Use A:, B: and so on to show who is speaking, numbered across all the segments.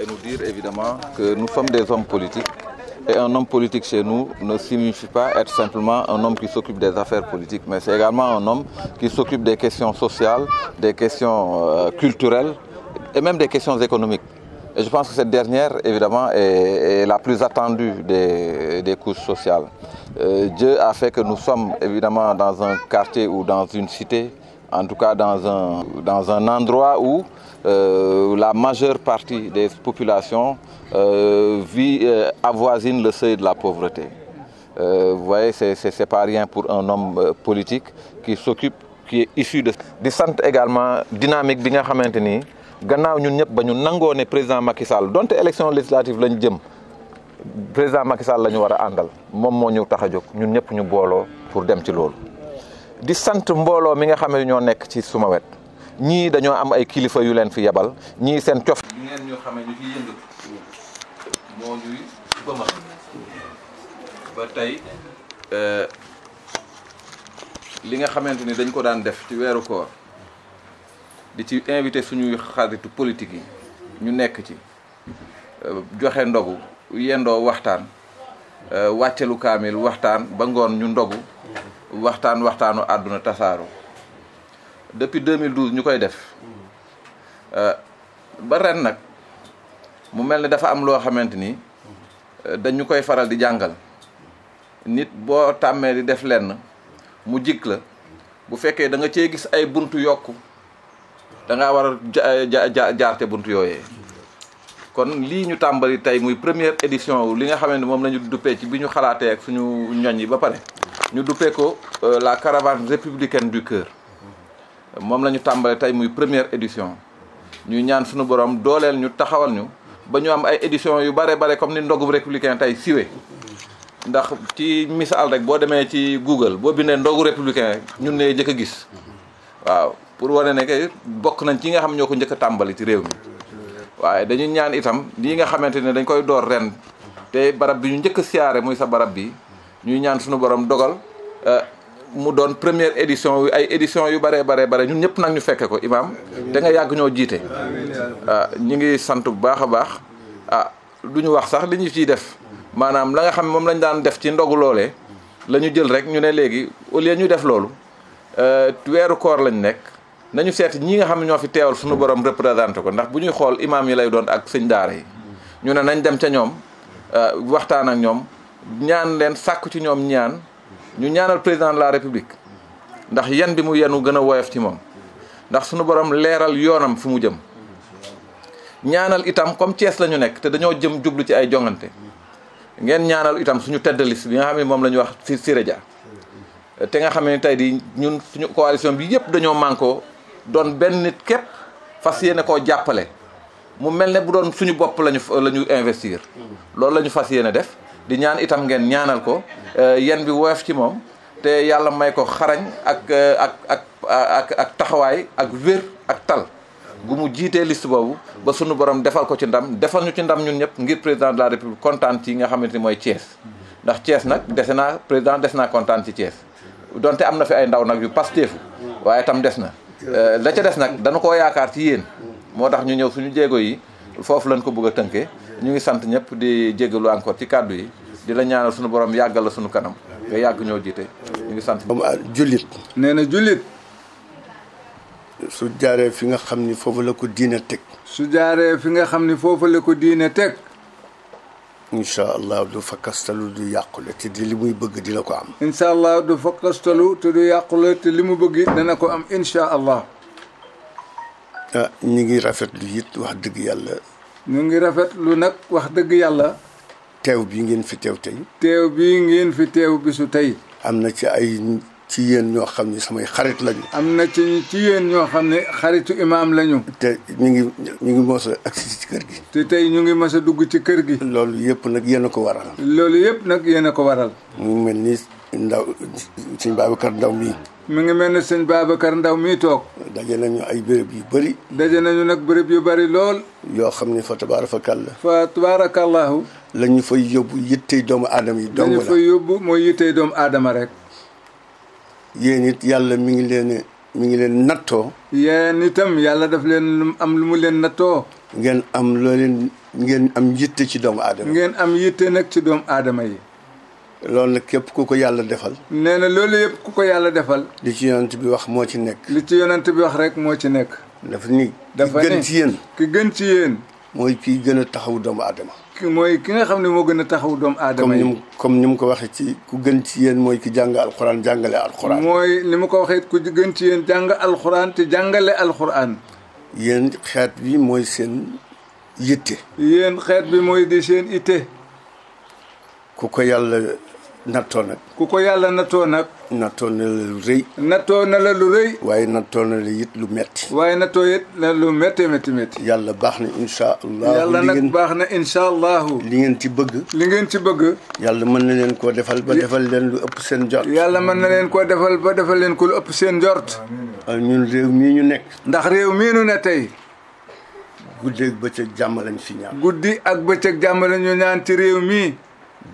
A: et nous dire évidemment que nous sommes des hommes politiques et un homme politique chez nous ne signifie pas être simplement un homme qui s'occupe des affaires politiques, mais c'est également un homme qui s'occupe des questions sociales, des questions euh, culturelles et même des questions économiques. Et je pense que cette dernière, évidemment, est, la plus attendue des, des couches sociales. Euh, Dieu a fait que nous sommes évidemment dans un quartier ou dans une cité, en tout cas dans un, dans un endroit où euh, la majeure partie des populations euh, vit, à euh, avoisine le seuil de la pauvreté. Euh, vous voyez, ce n'est pas rien pour un homme politique qui s'occupe, qui est issu de. di sant également dynamique bi nga nous ni ñun ñëpp ba ñu président Macky Sall donte élection législative le jëm président Macky Sall lañu wara war mom mo ñu tax ñun ñëpp ñu bolo pour dem ci loolu. di sant mbolo mi nga ci ñii dañoo am ay kilifa yu leen fi yebal ñii seen cof ñu ngeen ñu moo ñuy bëmax ba tey euh, li nga xamante ni dañ ko daan def ci weeru koor di ci invité suñuy xaritu politique yi ñu nekk ci euh, joxe ndogu yendoo waxtaan euh, wàccelu kaamil waxtaan ba ngoon ñu ndogu waxtaan waxtaanu àdduna tasaaru depuis 2012 ñu koy def euh, ba ren nag mu mel ni dafa am loo xamante ni euh, dañu koy faral di jàngal nit boo tàmmee di def lenn mu jik la bu fekkee da cee gis ay bunt yokk da ngaa war a ja jaarte bunt yooyee kon lii ñu tàmbali tey muy première édition li nga xamante ni moom lañu ñu duppee ci bi ñu xalaatee ak suñu ñoñ yi ba pare ñu duppee ko euh, la caravane républicaine du cœur mom lañu tambalé tay muy première édition ñu ñaan suñu borom dolel ñu taxawal ñu ba ñu am ay édition yu bare bare comme ni ndogum républicain tay siwe ndax ci misal rek bo démé ci Google bo bindé ndogu républicain ñun né jëk gis waaw pour wone né kay bok nañ ci nga xam ñoko jëk njëkk ci réew mi waaye dañu ñaan itam li nga xamante dañ koy door ren te barab bi ñu jëk siaré muy sa barab bi ñu ñaan suñu borom dogal euh, mu doon première édition ay édition yu bare bare bare ñun ñëpp nag ñu fekke ko imam da nga yàgg ñoo jiite ñi ah, ngi sant bu baax a baax ah duñu wax sax li ñu ciy def maanaam la nga xam moom lañ daan def ci ndogu loolee la ñu jël rek ñu ne léegi au lieu ñu def loolu euh, weeru koor lañ nekk nañu seet ñi nga xam ñoo fi teewal suñu borom représenté ko ndax bu ñuy xool imam yi lay doon ak sëñ daara yi ñu ne nañ dem ca ñoom euh, waxtaan ak ñoom ñaan leen ci ñoom ñaan ñu ñaanal président de la république ndax yan bi mu yenu gëna woyef ci mom ndax suñu borom léral yoonam fu mu jëm ñaanal itam comme ties lañu nek te dañoo jëm djublu ci ay jongante ngeen ñaanal itam suñu tedd bi nga xamé mom lañu wax si te nga xamé tay di ñun suñu coalition bi yépp dañoo manko don ben nit képp fas yéene koo jàppale mu melne bu don suñu bop lañu lañu investir loolu lañu ñu fas def di ñaan itam ngeen ñaanal ko eh, yen bi woef ci mom te yalla may ko xarañ ak eh, ak ak ak ak taxaway ak wër ak tal gu mu jité liste bobu ba sunu borom defal ko ci ndam defal ñu ci ndam ñun ñep ngir président de la république kontaan ci nga xamanteni moy Thiès ndax Thiès nak te amna président des naa ci Thiès donte amna fi ay ndaw nak yu pasteefu waye tam des eh, la ca des nak dañ ko yaakar ci yeen motax ñu ñew suñu jéego yi fofu lañ ko bëgg a ñu ngi sant ñëpp di jégalu encore ci kàddu yi di la ñaanal suñu
B: borom yàggal la suñu kanam nga yàgg ñoo jiite ñu ngi sant jullit nee na jullit su jaaree fi nga xam ni foofu la ko diine teg su jaaree fi nga xam ni foofu la ko diine teg incha allah du fakkastalu du yàqule te di li muy bëgg dina ko am incha allah du fakkastalu te du yàqule te li mu bëgg dana ko am incha allah ah ñu ngi rafet it wax dëgg yàlla ñu ngi rafet lu nag wax dëgg yàlla teew bi ngeen fi teew tey teew bi ngeen fi teew bisu tey am na ci ay ci yéen ñoo xam ne samay xarit lañu. am na ci ci yéen ñoo xam ne xaritu imaam lañu. te ñu ngi ñu ngi mos agsi ci kër gi. te tey ñu ngi mos dugg ci kër gi. loolu yëpp nag yéen a ko waral. loolu yëpp nag yéen a ko waral. mu mel nii ndaw sëñ Babacar Ndaw mii. mi ngi mel ne seen Babacar Ndaw mii toog. daje nañu ay béréb yu bëri. daje nañu nag bërëb yu bëri lool. yoo xam ne fa tabaarakalla. fa tabaarakallaahu. la ñu fay yóbbu yittey doomu aadama yi. dong la yóbbu mooy yittey doomu aadama rek. yéen it yàlla mi ngi leen mi ngi leen nattoo. yéen itam yàlla daf leen am lu mu leen nattoo. ngeen am loo ngeen am yitte ci doomu aadama ngeen am yitte nag ci doomu aadama yi. loolu nag képp ku ko yàlla defal. nee na loolu yëpp ku ko yàlla defal. li ci yonent bi wax moo ci nekk. li ci yonent bi wax rek moo ci nekk. dafa ni. dafa ni ki gën ci yéen. ki gën ci yéen. mooy kiy gën a taxawu doomu aadama. mooy ki nga xam ne moo gën a taxaw doomu aadama yi comme ni mu ko waxee ci ku gën ci yéen mooy ki jàng alxuraan jàngale alxuraan mooy ni mu ko waxee ku gën ci yéen jàng alxuraan te jàngale alxuraan yéen xeet bi mooy seen yitte yéen xeet bi mooy di seen itte ku ko yàlla nattoo nag ku ko yàlla nattoo nag nattoo na la lu rëy nattoo na la lu rëy waaye nattoo na la it lu metti waaye nattoo it la lu métti métti métti yàlla baax na insha allahu yàlla nag baax na insha allahu li ngeen ci bëgg li ngeen ci bëgg yàlla mën na leen koo defal ba defal leen lu ëpp seen njort yàlla mën na leen koo defal ba defal leen ko lu ëpp seen njort ñun réew mii ñu nekk ndax réew mii ñu ne tey guddi ak bëccëg jàmm lañu fi ñaan guddi ak bëccëg jàmm lañu ñaan ci réew mii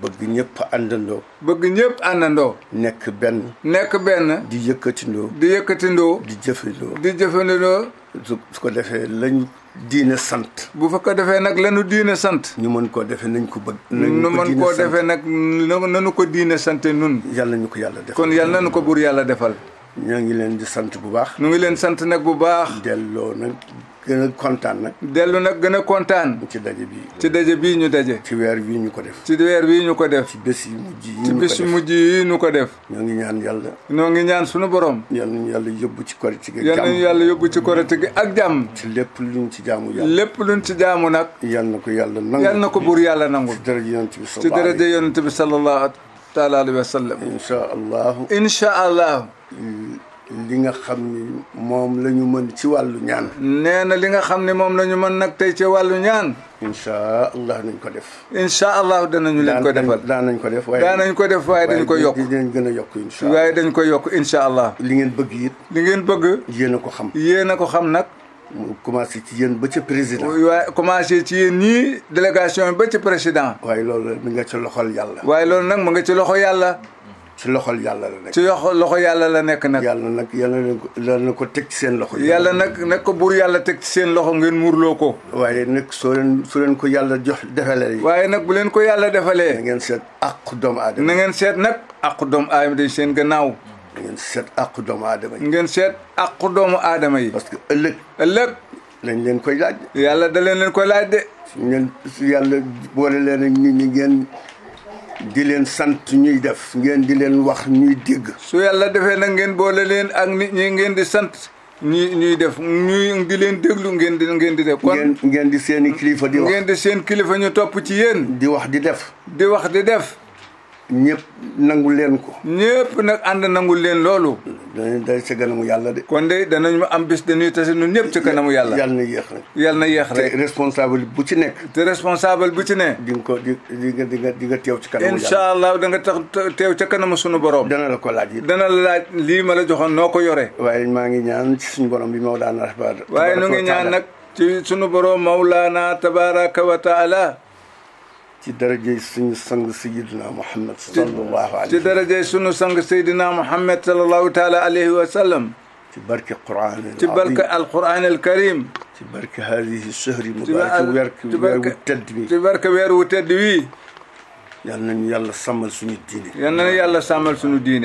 B: bëgg ñëpp àndandoo. bëgg ñëpp àndandoo. nekk benn. nekk benn. di yëkkatindoo. di yëkkatindoo. di jëfandoo. di jëfandoo. su ko defee lañ diine sant. bu fa ko defee nag lañu diine sant. ñu mën koo defee nañ ko bëgg. nu mën koo defee nag nanu ko diine sant nun yàlla ñu ko yàlla defal kon yàlla nañu ko buur yàlla defal. ñoo ngi leen di sant bu baax. ñu ngi leen sant nag bu baax. delloo nag. gën kontaan nag. dellu nag gën a kontaan. ci daje bii. ci daje bii ñu daje. ci weer bii ñu ko def. ci weer bii ñu ko def. ci bés yi ñu ko bés yu mujj yi ñu ko def. ñoo ngi ñaan yàlla. ñoo ngi ñaan sunu borom. yal nañu yàlla yóbbu ci korite yàlla yóbbu ci korite gi ak jàmm. ci lépp lu ci jaamu lépp luñ ci jaamu nag. yal na ko yàlla nangu. yal na ko buur yàlla nangu. ci daraja yonent bi. ci daraja yonent bi sallallahu taala alayhi wa sallam. incha allah. incha allah. li nga xam ni moom la ñu mën ci wàllu ñaan. nee na li nga xam ne moom la ñu mën nag tey ci wàllu ñaan. incha allah nañ ko def. incha allah danañu leen ko defal daan nañ ko def waaye. daan nañ ko def waaye dañ ko yokk waaye dañ gën a yokk incha waaye dañ ko yokk incha allah. li ngeen bëgg it. li ngeen bëgg. yéen a ko xam. yéen a ko xam nag. mu commencé ci yéen ba ca président. waaye commencé ci yéen ñii délégation yi ba ca président. waaye loolu mi nga ci loxol yàlla. waaye loolu nag mu nga ci loxo yàlla. ci loxol yàlla la nekk. ci loxo yàlla la nekk nag. yàlla nag yàlla na ko yàlla na ko teg ci seen loxo. yàlla nag nag ko buur yàlla teg ci seen loxo ngeen muurloo ko. waaye nag soo leen su leen ko yàlla jox defalee. waaye nag bu leen ko yàlla defalee. na ngeen seet àqu doomu aadama. na ngeen seet nag àqu doomu aadama dañ seen gannaaw. na ngeen seet àqu doomu aadama yi. ngeen seet àqu doomu aadama yi. parce que ëllëg. ëllëg. lañ leen koy laaj. yàlla da leen leen koy laaj de. su ngeen yàlla boole leen ak nit ñi ngeen. di leen sant ñuy def ngeen di leen wax ñuy dégg su yàlla defee na ngeen boole leen ak nit ñi ngeen di sant ñuy ñuy def ñuy di leen déglu ngeen di ngeen di def kon ngeen di seen kilifa di wax ngeen di seen kilifa ñu topp ci yéen di wax di def di wax di def ñëpp nangu leen ko. ñëpp nag ànd nangu leen loolu. dañuy day ci yàlla de. kon de danañu am bis dañuy tase ñun ñëpp ci kanamu yàlla. yàlla na yéex rek. yàlla na yéex rek te responsable bu ci nekk. te responsable bu ci ne. di nga ko di nga di nga di nga teew ci kanamu yàlla. allah da nga tax teew ca kanamu sunu borom. dana la ko laaj yi dana la laaj lii ma la joxoon noo ko yore. waaye maa ngi ñaan ci suñu borom bi Mawlana. waaye nu ngi ñaan nag ci sunu borom Mawlana tabaraka wa taala تدرجي سن سن سيدنا محمد صلى الله عليه وسلم تدرجي سن سن سيدنا محمد صلى الله تعالى عليه وسلم تبارك القرآن تبارك القرآن الكريم تبارك هذه الشهر مبارك ويرك وتدوي تبارك وير وتدوي يلا يلا سمل سن الدين يلا يلا سمل سن الدين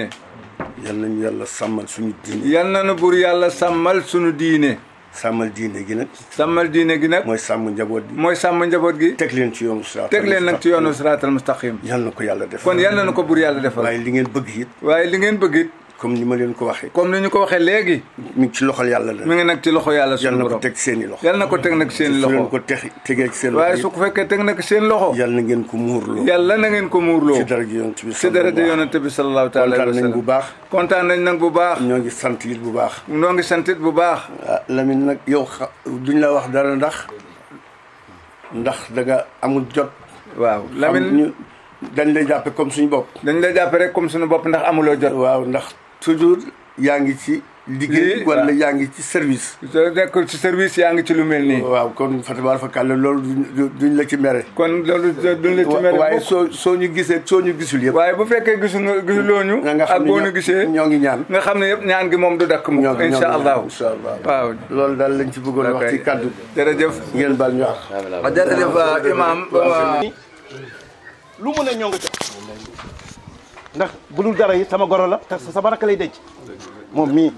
B: يلا يلا سمل سن الدين يلا نبوري يلا سمل سن الدين يلن يلن يلن sàmmal diine gi nag. sàmmal diine gi nag. mooy sàmm njaboot gi. mooy sàmm njaboot gi. teg leen ci yoonu siraatal teg leen nag ci yoonu siraatal mustaqim. yal na ko yàlla defal kon yal na ko buur yàlla defal. waaye li ngeen bëgg it. waaye li ngeen bëgg it. comme ni ma leen ko waxee. comme ni ñu ko waxee léegi. mi ngi ci loxol yàlla la. mi ngi nag ci loxo yàlla suñu borom yal na ko teg seen i loxo. yal na ko teg nag seen i loxo su leen ko teg tegee seen loxo waaye su ko fekkee teg nag seen loxo. yal na ngeen ko muurloo. yàlla na ngeen ko muurloo. ci daraja yonent bi ci daraja yonent bi sallallahu taala kontaan nañ bu baax. kontaan nañ nag bu baax. ñoo ngi sant it bu baax. noo ngi sant it bu baax. ah nag yow xa duñ la wax dara ndax ndax daga nga amul jot. waaw Lamine dañ lay jàppe comme suñu bopp. dañ lay jàppe comme suñu bopp ndax amuloo jot waaw ndax toujours yaa ngi ci. liggéey wala yaa ngi ci service. soo nekkul ci service yaa ngi ci lu mel nii. waaw kon Fatima Fakal loolu duñ la ci mere. kon loolu duñ la ci mere. waaye soo soo ñu gisee soo ñu gisul yëpp. waaye bu fekkee gisul gisuloo ñu. ak boo ñu gisee ñoo ngi ñaan. nga xam ne yëpp ñaan gi moom du dakk mu. incha allah incha allah waaw. loolu daal lañ ci bëggoon wax ci kaddu. jërëjëf ngeen baal ñu wax.
C: jërëjëf euh, imam. lu mu ne ñoo ngi ca. ndax bu dul dara yi sama goro la te sama rakk lay denc moom mii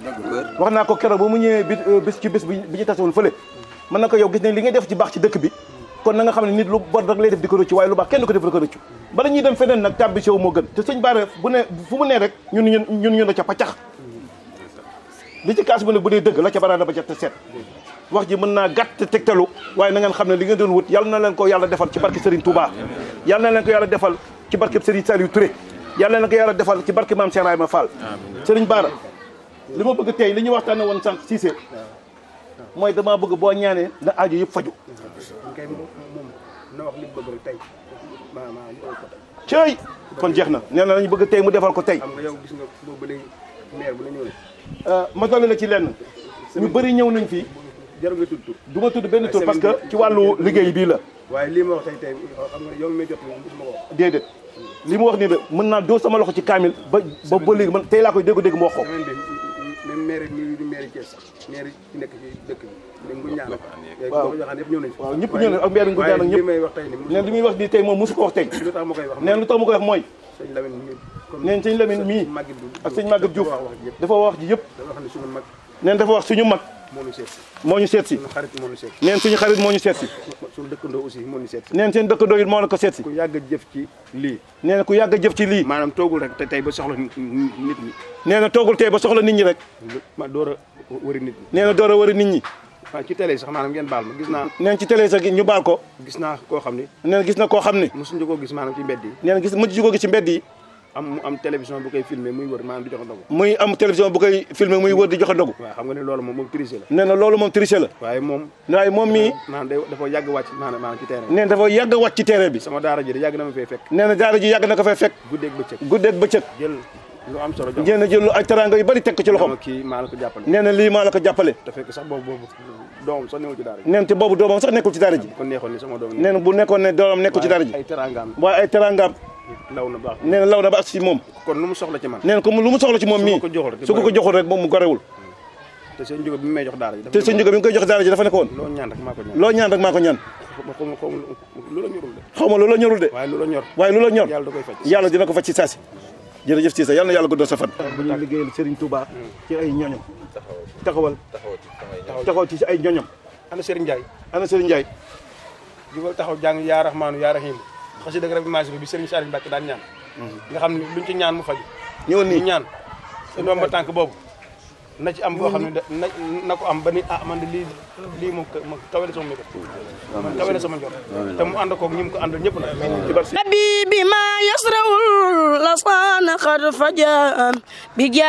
C: wax naa ko keroog ba mu ñëwee bi euh, bis ci bis bi ñu tasewul fële mën na ko yow gis nañ li ngay def ci baax ci dëkk bi kon na nga xam ne nit lu bon rek lay def di ko rëccu waaye lu baax ko def di ko rëccu bala ñuy dem feneen nag tàbbi sow moo gën te sëñ Bara ñun ñun ñun ñun da ca paccax li ci kaas bu ne bu dëgg la ca baraana ba ca te seet wax ji mën naa gàtt tegtalu waaye na ngeen xam ne li ngeen doon wut yàlla na leen ko yàlla defal ci barke Serigne Touba yàlla na leen ko yàlla defal ci barke Serigne Saliou Touré yàlla na ko yàlla defal ci barke maam Cheikh Ibrahima Fall Serigne Bara li ma bëgg tey li ñu waxtaane woon sànq Cissé mooy damaa bëgg boo ñaanee na aajo yëpp faju cëy kon jeex na nee na lañu bëgg tey mu defal ko tey euh, ma dolli la ci lenn ñu bëri ñëw nañ fii jarul nga tudd tur du ma tudd benn tur parce que ci wàllu liggéey bii la
D: waaye lii ma wax tey tey xam nga yow jot moom gisuma
C: déedéet li mu wax nii de mën naa doo sama loxo ci kaamil ba ba ba léegi man tey laa koy dégg-dégg mu wax ko.
D: même maire yi du maire Thiès ñëw nañu ak maire Ngoundiane ak ñëpp li may wax neen li wax nii tey moom mosu ko wax tey lu neen lu tax ma koy wax mooy neen sëñ Lamine mii ak sëñ Maguette Diouf
C: dafa wax ji yëpp neen dafa wax suñu mag
D: moo ñu seet si moo ñu seet si
C: neen seen dëkkandoo moo la ko seet si ku yàgg jëf ci lii nee na ku yàgg a jëf ci lii
D: maanaam toogul rek te tey ba soxla nit ñi nee na tey ba soxla nit ñi rek ma door a wëri nit ñi
C: nee na door a wëri ñi
D: waaw ci télé sax maanaam ngeen baal ma gis naa
C: neen ci télé sax
D: gis naa koo xam ni nee na gis koo xam ni mosuñu ko gis maanaam ci mbedd yi nee na gis mosuñu gis ci mbedd yi am mu am télévision bu koy filmé muy wër maanaam di joxe ndogu muy ne loolu moom moom triché la
C: nee na loolu moom triché
D: waaye moom mii maanaam dafa yàgg wàcc maanaam bi sama daara ji yàgg na ma fay fekk
C: nee na daara ji yàgg na ko fay fekk guddeeg bëccëg guddeeg bëccëg
D: jël lu am solo jox nee na jël lu ay teraanga yu bari teg ko ci loxoom kii maa la ko nee na lii maa la ko jàppale te fekk boobu doomam sax nekkul ci daara ji nee bu nekkoon ne doomam nekkul ci daara ji
C: waaye ay teraangaam
D: law na baax nee
C: na law na baax si moom.
D: kon lu mu soxla ci man. nee na comme lu mu soxla ci moom mii su ko ko joxul rek moom mu gorewul. Mm. te sëñ Njuga bi jox daara ji. te
C: koy jox daara ji dafa nekkoon. loo ñaan rek maa ñaan xaw ma loola ñorul de. xaw ma loola ñorul de. waaye loola ñor waaye loola ñor. yàlla da koy faj yàlla dina ko faj ci saasi. jërëjëf Cissé yàlla na yàlla guddal fan. bu ñu liggéeyal Serigne Touba. Mm. ci ay ñoñom. taxawal taxaw ci ay ñoñom.
D: ana Serigne Ndiaye. ana Serigne Ndiaye. jubal taxaw jàng yaa rahmaanu yaa xasida ak Rabbi bi Serigne Saliou Mbacké daan ñaan mhm. nga xam ne ñaan mu faju ñëwoon ni ñaan seen doom ba tànk boobu na ci am boo xam ne
E: ah, da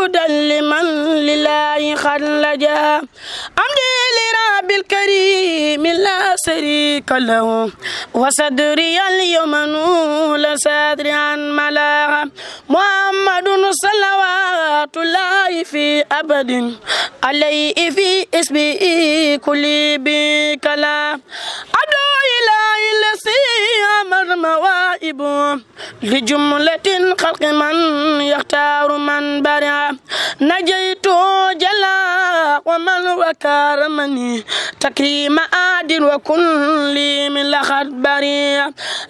E: afdal liman lilahi xad laja am di karim la sharika lahu wa sadri yomanu la malaha muhammad صلوات الله في أبد عليه في اسمه كل بكلا أدعو إلهي إلسي أمر موائب لجملة خلق من يختار من برع نجيت جلا ومن وكرمني تكريم عادل وكل من لخد بريع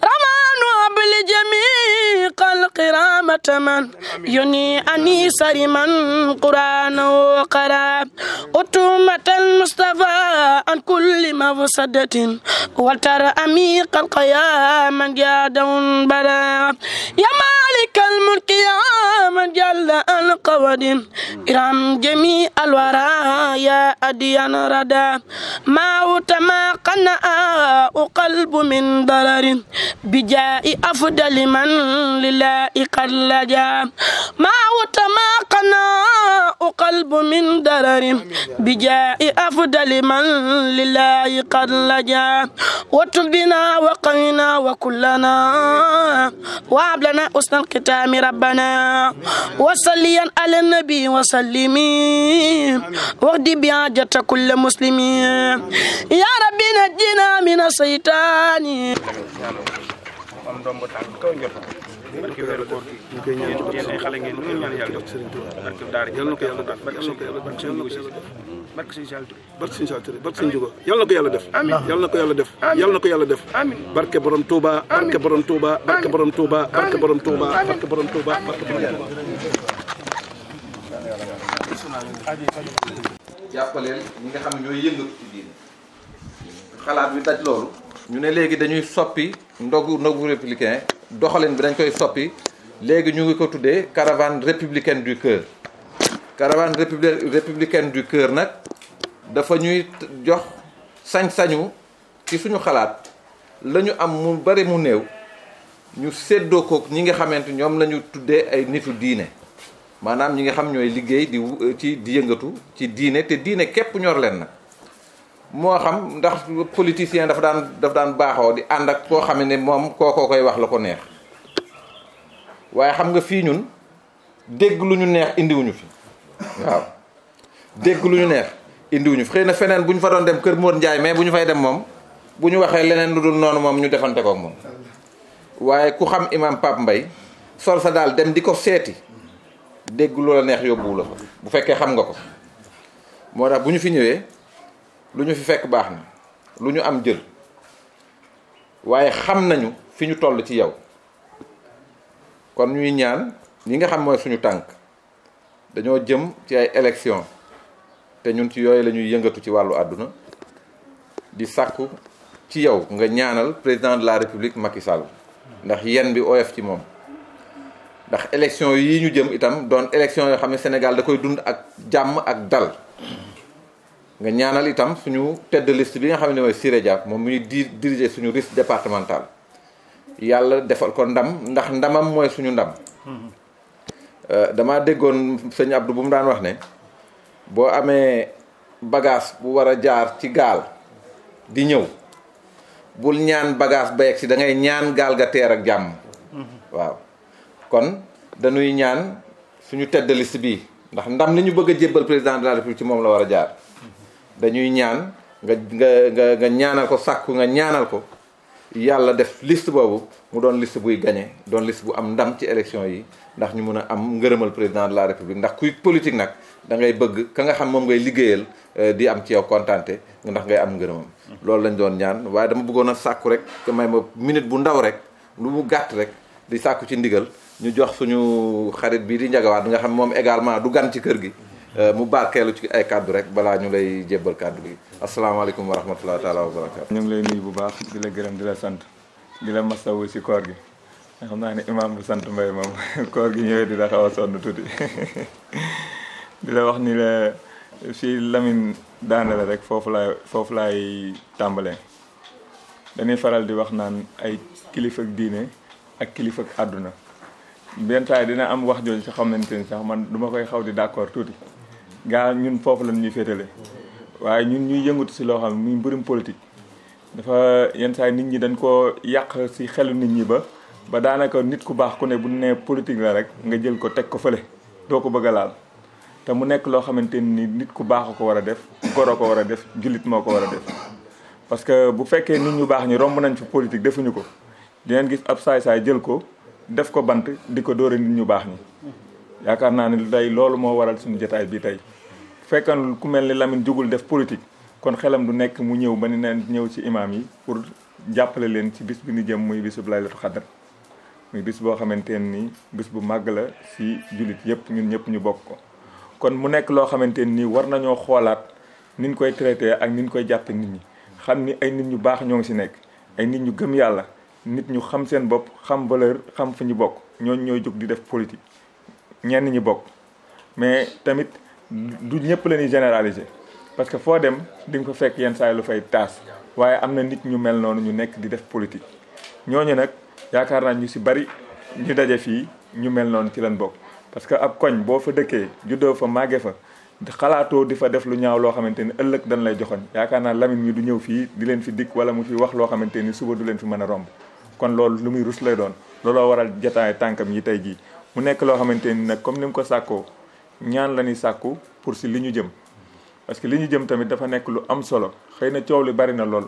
E: رمان قبل جميع خلق رامة من يني أنيسر من قرآن وقرا أتومة المصطفى عن كل مفسدة وتر أميق القيام جاد برا يا مالك الملك يا من جل القواد إرام جميع الورى يا أديان ردا ما وتما قنأ قلب من ضرر بجاء أفضل من لله قد لجا ما وتماقنا قلب من درر بجاء أفضل من لله قد لجا وتبنا وقينا وكلنا وابلنا حسن الختام ربنا وصليا على النبي وسلم واهدي بحاجة كل مسلم يا ربي نجنا من الشيطان
D: ndomb tànk kaw ñi
A: nga xam ne ñooy yëngatu ci diine xalaat bi daj loolu ñu ne léegi dañuy soppi ndogu ndogu républicain doxalin bi dañ koy soppi léegi ñu ngi ko tuddee caravane républicaine du cœur caravane républicaine du kër nag dafa ñuy jox sañ-sañu ci suñu xalaat la ñu am mu bari mu néew ñu séddoo ko ñi nga xamante ñoom la ñu tuddee ay nitu diine maanaam ñi nga xam ñooy liggéey di ci di yëngatu ci diine te diine képp ñor leen nag moo xam ndax politicien dafa daan dafa daan baaxoo di ànd ak koo xam ne moom koo koo koy wax la ko neex waaye xam nga fii ñun dégg lu ñu neex indiwuñu fi waaw dégg lu ñu neex indiwuñu fi xëy na feneen bu ñu fa doon dem kër Mor Ndiaye mais bu ñu fay dem moom bu ñu waxee leneen lu dul noonu moom ñu defante ko moom. waaye ku xam imam Pape sol sa daal dem di ko seeti dégg lu la neex yóbbuwu la fa bu fekkee xam nga ko moo tax bu ñu fi ñëwee. lu ñu fi fekk baax na lu ñu am jël waaye xam nañu fi ñu toll ci yow kon ñuy ñaan ñi nga xam mooy suñu tànk dañoo jëm ci ay élection te ñun ci yooyu lañuy ñuy yëngatu ci wàllu àdduna di sàkku ci yow nga ñaanal président de la république Macky Sall ndax yenn bi oyof ci moom ndax élection yi ñu jëm itam doon élection yoo xam ne Sénégal da koy dund ak jàmm ak dal nga ñaanal itam suñu tedd de liste bi nga xam ne mooy Siré Diak moom mi ñuy diriger suñu risque départemental yàlla defal ko ndam ndax ndamam mooy suñu ndam euh, dama déggoon sëñ Abdou bu mu daan wax ne boo amee bagage bu war a jaar ci gaal di ñëw bul ñaan bagage ba yegsi da ngay ñaan gaal ga teer ak jàmm waaw kon dañuy ñaan suñu tedd de liste bi ndax ndam li ñu bëgg a jébbal président de la république ci moom la war a jaar dañuy ñaan nga nga nga ñaanal ko sàkku nga ñaanal ko yàlla def liste boobu mu doon liste buy gagné doon liste bu am ndam ci élection yi ndax ñu mun a am ngërëmal président de la république ndax kuy politique nag da bëgg ka nga xam moom ngay liggéeyal eh, di am ci yow kontaante ndax ngay am ngërëmam. loolu lañ doon ñaan waaye dama bëggoon a sàkku rek may ma minute bu ndaw rek lu mu gàtt rek di sàkku ci ndigal ñu jox suñu xarit bi di njagawaat nga xam moom également du gan ci kër gi. Euh, mu barkeelu ci ay kàddu rek balaa ñu lay jébbal kàddu bi asalaamaaleykum wa rahmatulah taalaa wa barakaatu. ñu lay nuyu bu
F: baax di la gërëm di la sant di la masawu si koor gi xam naa ni imaam bu sant mbay moom koor gi ñëwee di la xaw a sonn tuuti di la wax ni la fii Lamine daane la rek foofu laay foofu laay tàmbalee dañuy faral di wax naan ay kilifa diine ak kilifa àdduna benn taay dina am wax jooju si xam xamante ni sax man duma koy xaw di d'accord tuuti. gaa ñun foofu lañ ñuy féetale waaye ñun ñuy yëngatu si loo xam ne muy mbirum politique dafa yenn saa nit ñi dañ koo yàq si xelu nit ñi ba ba daanaka nit ku baax ku ne bu ne politique la rek nga jël ko teg ko fële doo ko bëgg a laal te mu nekk loo xamante ni nit ku baax ko war a def goro ko war a def jullit moo ko war a def parce que bu fekkee nit ñu baax ñi romb nañ fi politique defuñu ko di dinañ gis ab saay-saay jël ko def ko bant di ko dóore nit ñu baax ñi yaakaar naa ne day loolu moo waral suñu jotaay bi tey fekkan ku mel ni Lamine jugul def politique kon xelam du nekk mu ñëw ba ni neen ñëw ci imam yi pour jàppale leen ci bis bi ni jëm muy bisub laylatu xadar muy bis boo xamante ni bis bu màgg la si julit yëpp ñun ñëpp ñu bokk kon mu nekk loo xamante ni war nañoo xoolaat niñ koy traité ak niñ koy jàppe nit ñi xam ni ay nit ñu baax ñoo ngi si nekk ay nit ñu gëm yàlla nit ñu xam seen bopp xam valeur xam ñu bokk ñooñu ñooy di def politique ñenn ñi bokk mais tamit du ñëpp la ñuy généraliser parce que foo dem di nga ko fekk yenn saa lu fay taas waaye am na nit ñu mel noonu ñu nekk di def politique ñooñu nag yaakaar naa ñu si bari ñu daje fii ñu mel noonu ci lan bokk parce que ab koñ boo fa dëkkee juddoo fa màgge fa xalaatoo di fa def lu ñaaw loo xamante ni ëllëg dañ lay joxoñ yaakaar naa lamine ñu du ñëw fii di leen fi dikk wala mu fi wax loo xamante ni suba du leen fi mën a romb kon loolu lu muy rus lay doon looloo waral jataay tànkam yi tey jii mu nekk loo xamante ni nag comme ni mu ko sàkkoo ñaan la ñuy sàkku pour si li ñu jëm parce que li ñu jëm tamit dafa nekk lu am solo xëy na coow li bari na lool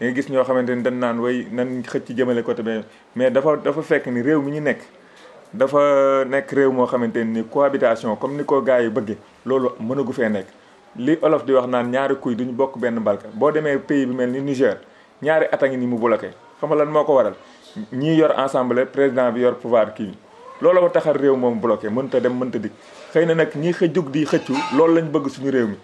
F: da gis ñoo xamante ni dañ naan way nan xëcc jëmale côté bi mais dafa dafa fekk ni réew mi ñu nekk dafa nekk réew moo xamante ni cohabitation comme ni ko gars yi bëgge loolu mënagu fee nekk li olof di wax naan ñaari du ñu bokk benn mbalka boo demee pays bi mel ni Niger ñaari at a ngi ni mu bloqué xam nga lan moo ko waral ñii yor ensemble président bi yor pouvoir kii lolo wa taxar rew moom bloqué mënta dem mënta dik xeyna nak ñi di xeccu lolo lañ bëgg suñu rew mi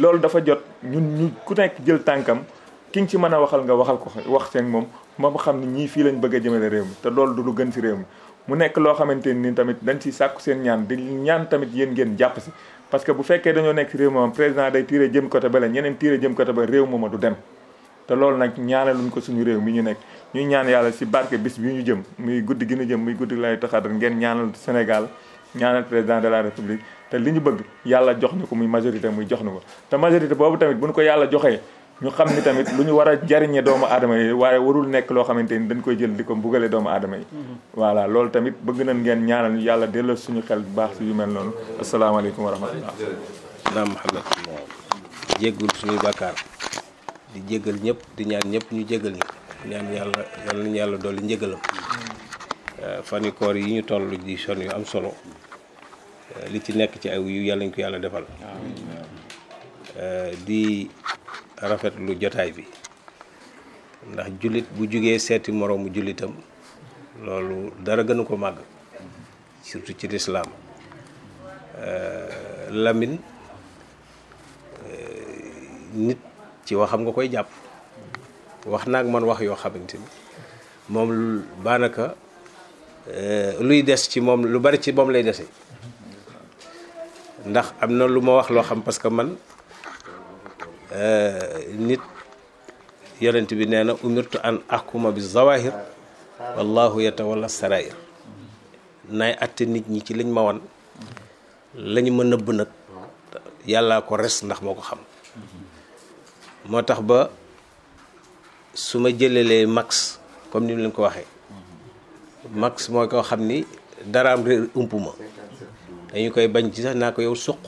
F: lolo dafa jot ñun ñu ku nekk jël tankam ki ci mëna waxal nga waxal ko wax seen moom moom xam ne ñi fi lañ bëgg jëmele rew mi te lolo du lu gën si rew mi mu nekk lo xamanteni ni tamit dañ ci sakku seen ñaan di ñaan tamit yeen ngeen japp ci parce que bu fekke dañu nekk rew moom président day tiré jëm côté bale ñeneen tiré jëm côté ba rew mom du dem te loolu nag ñaanaluñ ko suñu réew mi ñu nekk ñu ñaan yàlla si barke bis bi ñu jëm muy guddi gi ñu jëm muy guddi lay taxaat ngeen ñaanal Sénégal ñaanal président de la république te li ñu bëgg yàlla jox ñu ko muy majorité muy jox ñu ko te majorité boobu tamit bu ñu ko yàlla joxee ñu xam ni tamit lu ñu war a jariñee doomu aadama yi waaye warul nekk loo xamante ni dañ koy jël di ko bugale doomu adama yi mhm. voilà loolu tamit bëgg nañ ngeen ñaanal ñu yàlla delloo suñu xel bu baax si yu mel noonu asalaamaaleykum wa rahmatullah naam Muhammad jéggul suñuy bàkkaar di jégal ñëpp di ñaan ñëpp ñu jégal
G: ñu ñaan yàlla yàlla yàlla dolli euh, fani koor yi ñu toll di son yu am solo euh, li ci nekk ci ay yu yàlla ñu ko yàlla defal euh, di rafet lu jotaay bi ndax julit bu jugee seeti moroomu julitam loolu dara gënu ko màgg surtout ci lislaam lamin nit ci waxam nga koy jàpp wax naag man wax yoo xamante ni moom baanaka eh, luy des ci moom lu bari ci moom lay dese ndax am na lu ma wax loo xam parce que man eh, nit yonent bi nee na umirtu an ahkuma bi zawahir wallahu yatawalla sarair nay atte nit ñi ci lañ ma wan lañu ma nëbb nag yàllaa ko res ndax moo ko xam moo tax ba su ma jëlalee max comme ni mu leen ko waxee max mooy ko xam ni daraam réer ump ma dañu koy bañ ci sax naa ko yow suq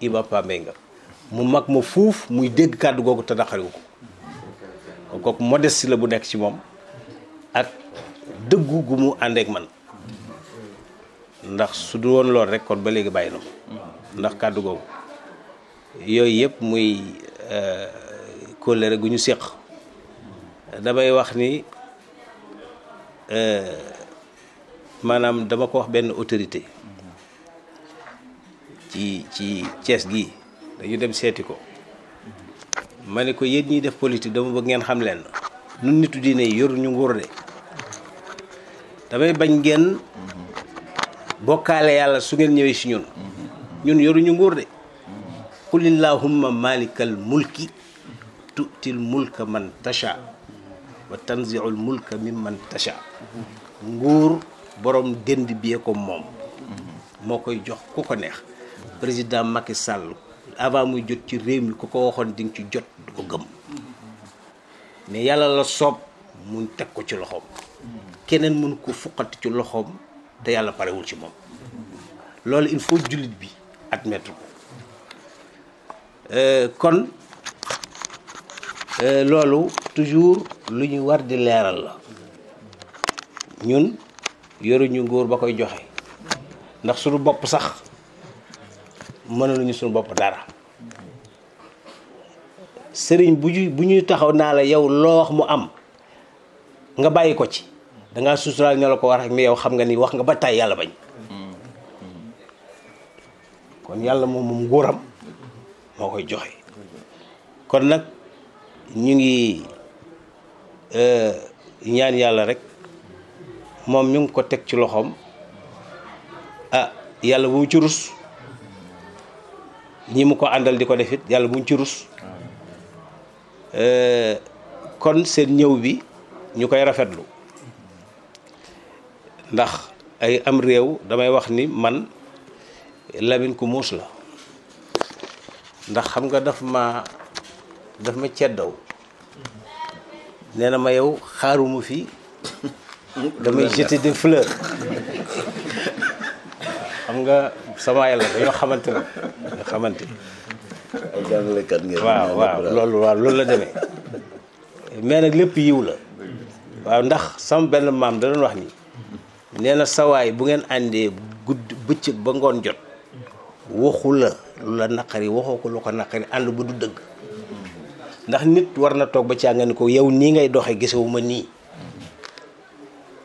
G: Iba Pambe nga mu mag ma fuuf muy dégg kàddu googu te daxariwu ko kooku modeste la bu nekk ci moom ak dëggu gu mu àndeek man ndax su du woon lool rek kon ba léegi bàyyi na ko ndax kàddu googu yooyu yëpp muy euh, kóllëre gu ñu séq damay wax ni euh, maanaam dama ko wax benn autorité ci ci Cees gi dañu dem seeti ko ma ne ko yéen ñiy def politique dama bëgg ngeen xam leen nun nitu diine yi yoru ñu nguur de damay bañ ngeen bokkaale yàlla su ngeen ñëwee si ñun ñun yoruñu nguur de qulillahumma malikal mulki tu'til mulka man tasha wa tanziul mulka man tasha nguur borom dënd bi ko moom moo koy jox ku ko neex président Macky Sall avant muy jot ci réew mi ku ko waxoon di nga ci jot du ko gëm mais yàlla la soob mu teg ko ci loxoom keneen mun ko fuqati ci loxoom te yàlla parewul ci moom loolu il faut jullit bi admettre ko euh, kon Euh, lolu toujours lu ñu war di leeral la ñun yoru ñu ngor bakoy joxe ndax suñu bop sax mënaluñu suñu bop dara sëriñ buñu buñu taxaw na la yow lo wax mu am nga bayiko dengan ci da nga susural ñoo ko war ak mi yow xam nga ni wax nga ba tay yalla bañ kon yalla mom mom ngoram joxe kon nak ñu ngi euh, ñaan yàlla rek moom ñu ngi ko teg ci loxoom ah yàlla bu mu ci rus ñi mu ko àndal di ko defit yàlla bu mu ci rus euh, kon seen ñëw bi ñu koy rafetlu ndax ay am réew damay wax ni man Lamine ku muus la ndax xam nga daf ma daf ma ceddaw nee na ma yow xaaruma fi damay jeter des fleurs xam nga sama yàlla dañoo xamante na nga xamante ay jàngalekat waaw waaw loolu la deme mais nag lépp yiw la waaw ndax sama benn maam da wax ni nee na sawaay bu ngeen àndee gudd bëccëg ba ngoon jot waxu la lu la naqari waxoo ko lu ko naqari ànd bu du dëgg ndax nit war na toog ba ci nga ko yow nii ngay doxe gisewuma nii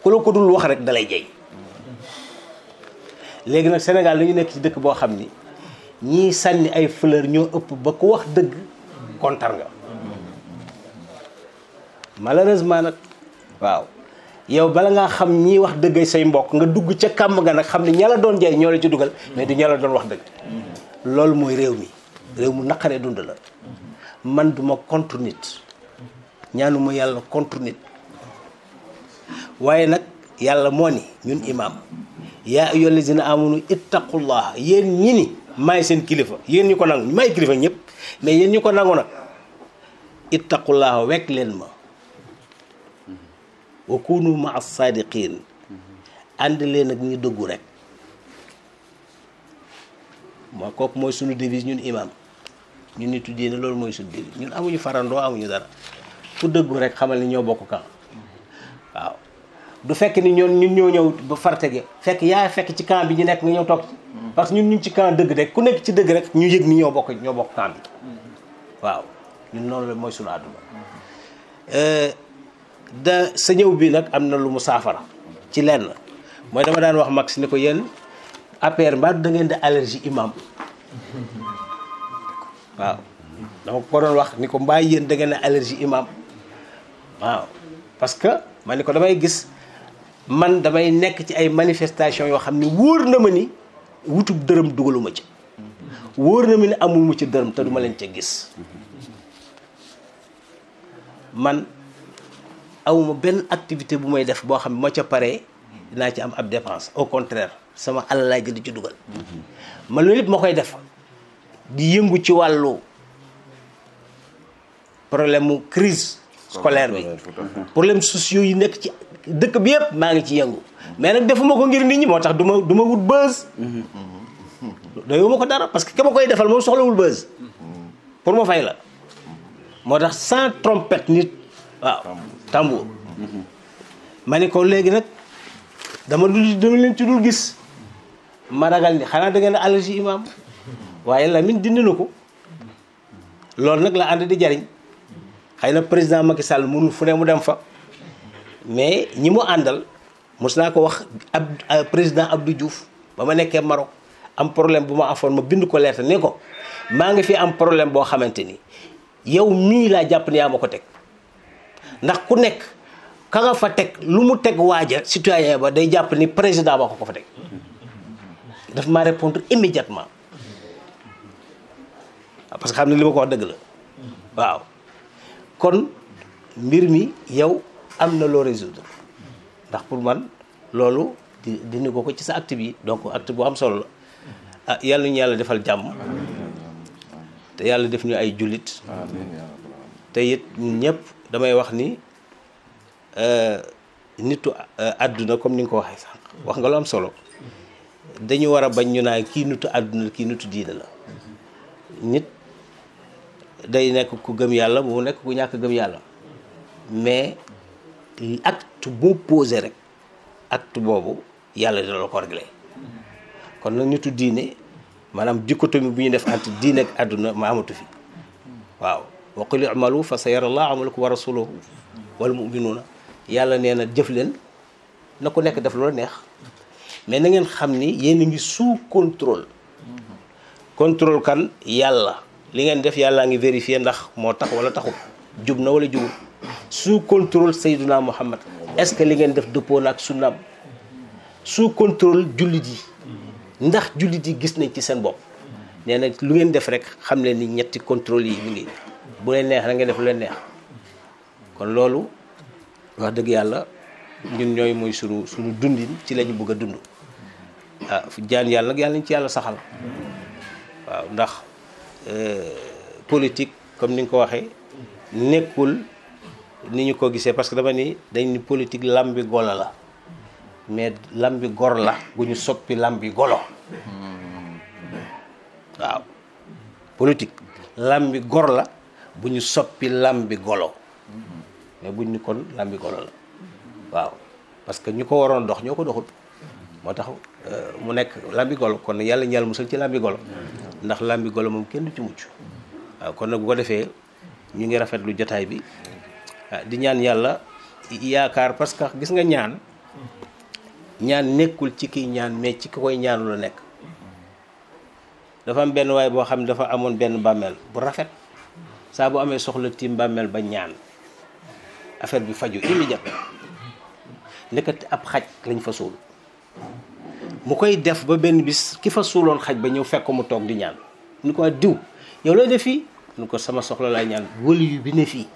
G: ku la ko dul wax rek dalay jey léegi nag sénégal dañu nekk ci dëkk boo xam ni ñii sànni ay fleur ñoo ëpp ba ku wax dëgg kontar nga malheureusement nag waaw yow bala nga xam ñi wax dëgg say mbokk nga dugg ca kàmm nga nag xam ne ñala doon jey ñoo la ci dugal mais du ñala doon wax dëgg loolu mooy réew mi réew mu dund man duma contre nit ñaanuma yàlla contre nit waaye nag yàlla moo ni ñun imaam yaa ayyuhal lazina amanu ittaqullaha yéen ñi ni maay seen kilifa yéen ñu ko nangu maay kilifa ñëpp mais yéen ñu ko nangu nag ittaqullaha wekk leen ma wa kunu ma as-saadiqin ànd leen ak ñu dëggu rek moo kooku mooy sunu devise ñun imaam ñun ñu nitu diine loolu mooy suñu diine ñun amuñu farandoo amuñu dara ku dëggu rek xamal ni ñoo bokk kan waaw du fekk ni ñoon ñun ñoo ñëw ba far fartege fekk yaa fekk ci camp bi ñu nekk nga ñëw toog ci parce que ñun ñu ci camp dëgg rek ku nekk ci dëgg rek ñu yëg ni ñoo bokk ñoo bokk camp bi waaw ñun noonu la mooy suñu àdduna euh, da sa ñëw bii nag am na lu mu saafara ci lenn mooy dama daan wax Max ni ko yéen APR mbaa da ngeen di allergie imam waaw dama ko doon wax ni ko mbaa yéen da ngeen allergie imam waaw parce que man ni ko damay gis man damay nekk ci ay manifestation yoo xam ni wóor na ma ni wutub dërëm dugaluma ci wóor na ma ni amuma ci dërëm te duma leen ca gis man awuma benn activité bu may def boo xam ne ma ca paree dinaa ci am ab dépense au contraire sama alal laay gën di ci dugal mhm. man loolu lépp ma koy def di yëngu ci wàllu problème crise scolaire bi problème sociaux yi nekk ci dëkk bi yëpp maa ngi ci yëngu mais nag defuma ko ngir nit ñi moo tax du wut buzz doyuma ko dara parce que ki koy defal moom soxlawul buzz pour ma fay la moo tax sans trompette nit waaw tambour ma ne ko léegi nag dama dul dama leen ci dul gis ma ragal ni xanaa da ngeen allergie imam waye Lamine dindi na ko loolu la and di jariñ xëy president président Macky Sall mënul fu ne mu dem fa mais ñi mu àndal ko wax ab euh, président Abdou Diouf bama nekké Maroc am problème buma afon ma bind ko lettre ne ko ma nga fi am problème bo xamanteni yow mi la japp ni amako tek ndax ku nek ka nga fa tek lu mu tek waja citoyen ba day japp ni président bako ko fa tek daf ma répondre immédiatement parce que xam ne li ma ko wax dëgg la waaw kon mbir mi yow am na loo résoudre ndax pour man loolu di dindi ko ko ci sa acte bi donc acte bu am solo la ah yàlla ñu yàlla defal jàmm te yàlla def ñu ay jullit te it ñun ñëpp damay wax ni euh, nitu euh, àdduna comme ni nga ko waxee sànq wax nga lu am solo dañu war a bañ ñu naan kii nitu àdduna kii nitu diina la nit day nekk ku gëm yàlla mu nekk ku ñàkk gëm yàlla mais acte boo posé rek acte boobu yàlla dina la ko réglé kon nag nitu diine maanaam dichotomie bu ñu def entre diine ak àdduna ma amatu fi waaw wa qul i'malu fa sayara llahu amalakum wa rasuluhu wal mu'minuna yàlla nee na jëf leen na ku nekk def loola neex mais na ngeen xam ni yéen a ngi sous contrôle contrôle kan yàlla li ngeen def yalla ngi vérifier ndax mo tax wala taxu jub na wala jubul sous contrôle sayyidina muhammad est ce que li ngeen def dëppoo nak sunna sous contrôle jullit yi ndax jullit yi gis nañ ci seen bop neena lu ngeen def rek xam leen ni ñetti contrôle yi mi ngi bu leen neex nga def lu leen neex kon lolu wax deug yalla ñun ñoy moy suru sunu dundin ci lañu bëgg dundu ah jaan yalla ci yalla saxal waaw ndax Euh, politique comme ni nga ko waxee nekkul ni ñu ko gisee parce que dama nii dañ ni politique lambi golo la mais lambi gor la bu ñu soppi lambi golo waaw politique lambi gor la bu ñu soppi lambi golo mais buñ ni kon lambi golo la waaw parce que ñu ko waroon dox ñoo ko doxul moo tax Eh, mu nek lambi gol kon yalla ñal musal ci lambi gol ndax lambi gol mom kenn du ci mucc ah, kon nak bu ko defé ñu ngi lu jotaay bi ah, di ñaan yalla yaakar parce que gis nga ñaan ñaan nekkul ci ki ñaan mais ci koy ñaanu la nek dafa am ben way bo xam dafa amoon ben bammel bu rafet sa bu amé soxla tim bammel ba ñaan affaire bi faju immédiat ndekkat ab xaj lañ fa mu koy def ba benn bis ki fa suuloon xaj ba ñëw fekk mu toog di ñaan ñu ko diw yow looy defi fii ñu ko sama soxla laay ñaan wëli yu bi ne fii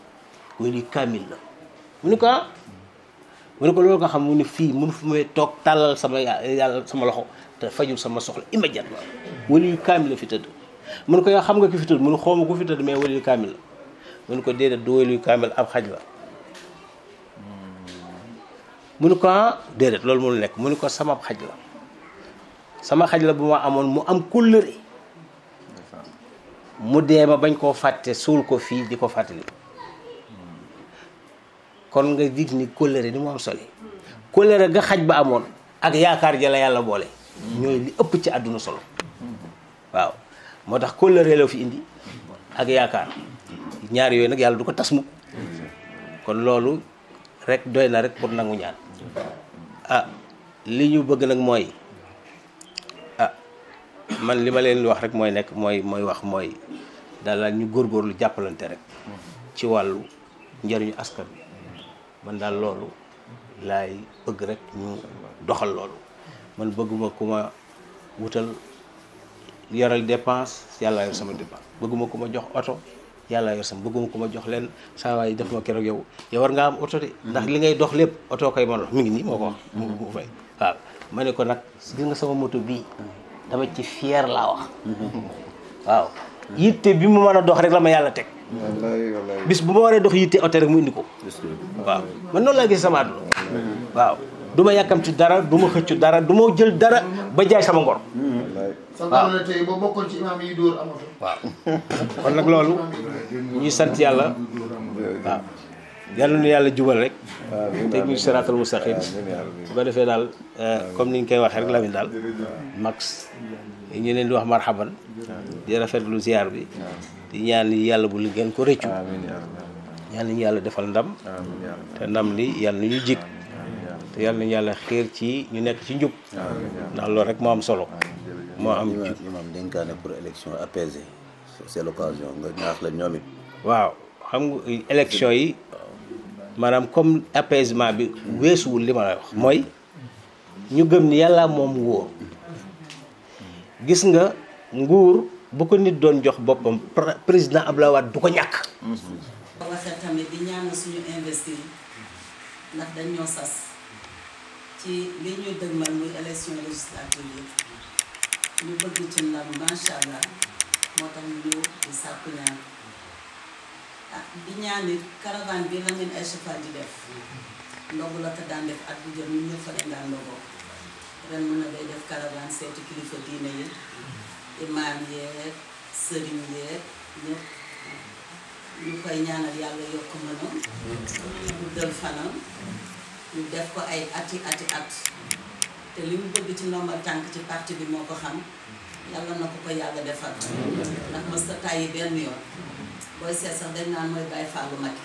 G: wëli yu kaamil la mu ni ko mu ne ko loolu nga xam mu ne fii mun fu may toog tàllal sama yàlla sama loxo te fajul sama soxla immédiatement wëli yu kamil la fi tëdd mu ne ko yow xam nga ki fi tëdd mu ne xooma ku fi tëdd mais wëli yu kamil la mu ne ko déedéet du wëli yu kamil ab xaj la mu ne ko déedéet loolu mu nekk mu ne ko sama xaj la sama xaj la bu amon mu am kullëre mu dee ma bañ koo fàtte suul ko di ko kon nga dig ni kullëre ni mo am solo kullëre ga xaj ba amon ak yaakaar jala la yàlla boole ñooy li ëpp ci àdduna solo waaw moo tax kullëre la fi indi ak yaakaar ñaar yooyu nag du ko kon loolu rek doy na rek pour nangu ñaan ah li ñu bëgg nag man li ma leen wax rek mooy nekk mooy mooy wax mooy daal ñu góor góorlu jàppalante rek ci wàllu njariñu askan bi man daal loolu lay bëgg rek ñu doxal loolu man bëgguma ku ma wutal yoral dépense yàlla yor sama dépense bëgguma ku ma jox oto yàlla yor sama bëgguma ku ma jox leen saa waay def ma keroog yow yow war ngaa am oto de ndax li ngay dox lépp oto kay mën mu ngi nii moo ko wax mu ma ne ko nag gis nga sama moto bii dama ci fier laa wax waaw yitte bi mu mën a dox rek la ma yàlla teg bis bu ma waree dox yitte oto rek mu indi ko waaw man noonu laa gis sama àdduna waaw duma ma yàkkamti dara du ma xëccu dara du jël dara ba jaay sama ngor waaw
H: sax tey boo waaw
G: kon nag loolu
I: ñuy sant yàlla
G: waaw yàlla nu yàlla jubal rek te ñu siraatal mustaqim bu ko defee daal eh, comme ni ñu koy waxee rek Lamine daal max ñu leen di wax marhaban di rafet lu ziar bi di ñaan yàlla bu li gën ko rëccu ñaan nañu yàlla defal ndam te ndam li yàlla na ñu jig te yàlla nañu yàlla xiir ci ñu nekk ci njub ndax loolu rek moo am solo moo am imam dénkaane pour élection apaisée c'est l'occasion nga ñaax la ñoom waaw xam nga élection yi maanaam comme apaisement bi weesuwul li mooy ñu gëm ni yàlla moom wóor gis nga nguur bu ko nit doon jox boppam président Abdoulaye Wade du ko ñàkk
E: waxee tamit suñu investir ndax dañoo sas ci li ñuy dëgmal muy élection législative yi ñu bëgg ci ndam macha allah moo tax ñu ñëw di ñaan ah di ñaanit caravane bi la ngeen ay chauffeur di def ndogu la ko daan def at bu jot ñun ñëpp fa lañ ndogoo ren mën na day def caravane seeti kilifa diine yi imaam yeeg sëriñ yeeg ñëpp ñu koy ñaanal yàlla yokk mënam guddal fanam ñu def ko ay ati ati at te li mu bëgg ci ndombal tànk ci parti bi moo ko xam yàlla na ko ko yàlla defal ndax mës ta tàyyi benn yoon booy seet sax dañ naan mooy Baye Fallou Mbacké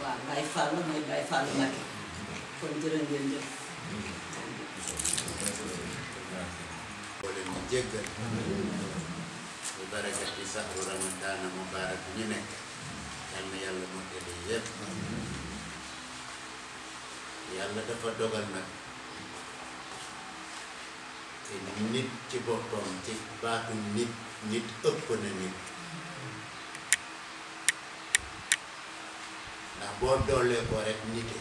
E: waaw Baye Fallou mooy Baye Fallou Mbacké kon jërë ngeen jëf
H: boo leen ñu jéggal bu barakat ci saxru ramadaana mubaarak bi ñu nekk yal yàlla mottali yépp yàlla dafa dogal nag te nit ci boppam ci baatu nit nit ëpp na nit ndax boo doolee ko rek nite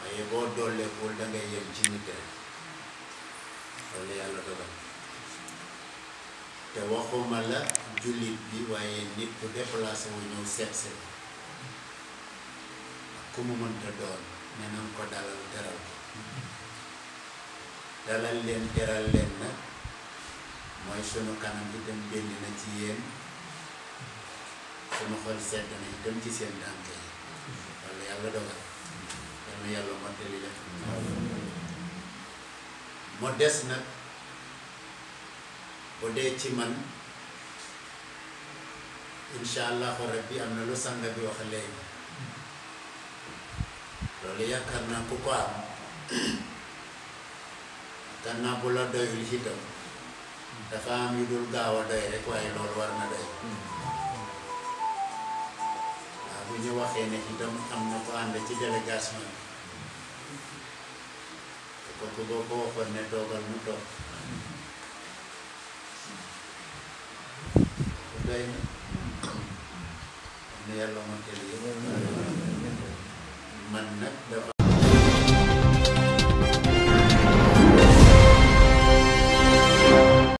H: waaye boo doolee ko da ngay yem ci nite rek loolu yàlla dogal te waxuma la jullit bi waaye nit ku déplacé wu ñëw seet si ku mu mënta doon ne ko dalal teral ko dalal leen teral leen nag mooy sunu kanam itam génn na ci yéen sama xol sedd na itam ci seen dànke yi walla yàlla dogal dana yàlla mottali la mu des nag bu dee ci man incha allahu rabbi am na lu sanga bi wax léegi loolu yaakaar naa ku ko am yaakaar naa bu la doyul itam dafa am yu dul gaaw a doy rek waaye loolu war na doy bu ñu waxee ne itam am na ko ànd ci délégation bi kooku boo ko waxoon ne toogal mu toog bu doy na am na yàlla monteel yi man nag dafa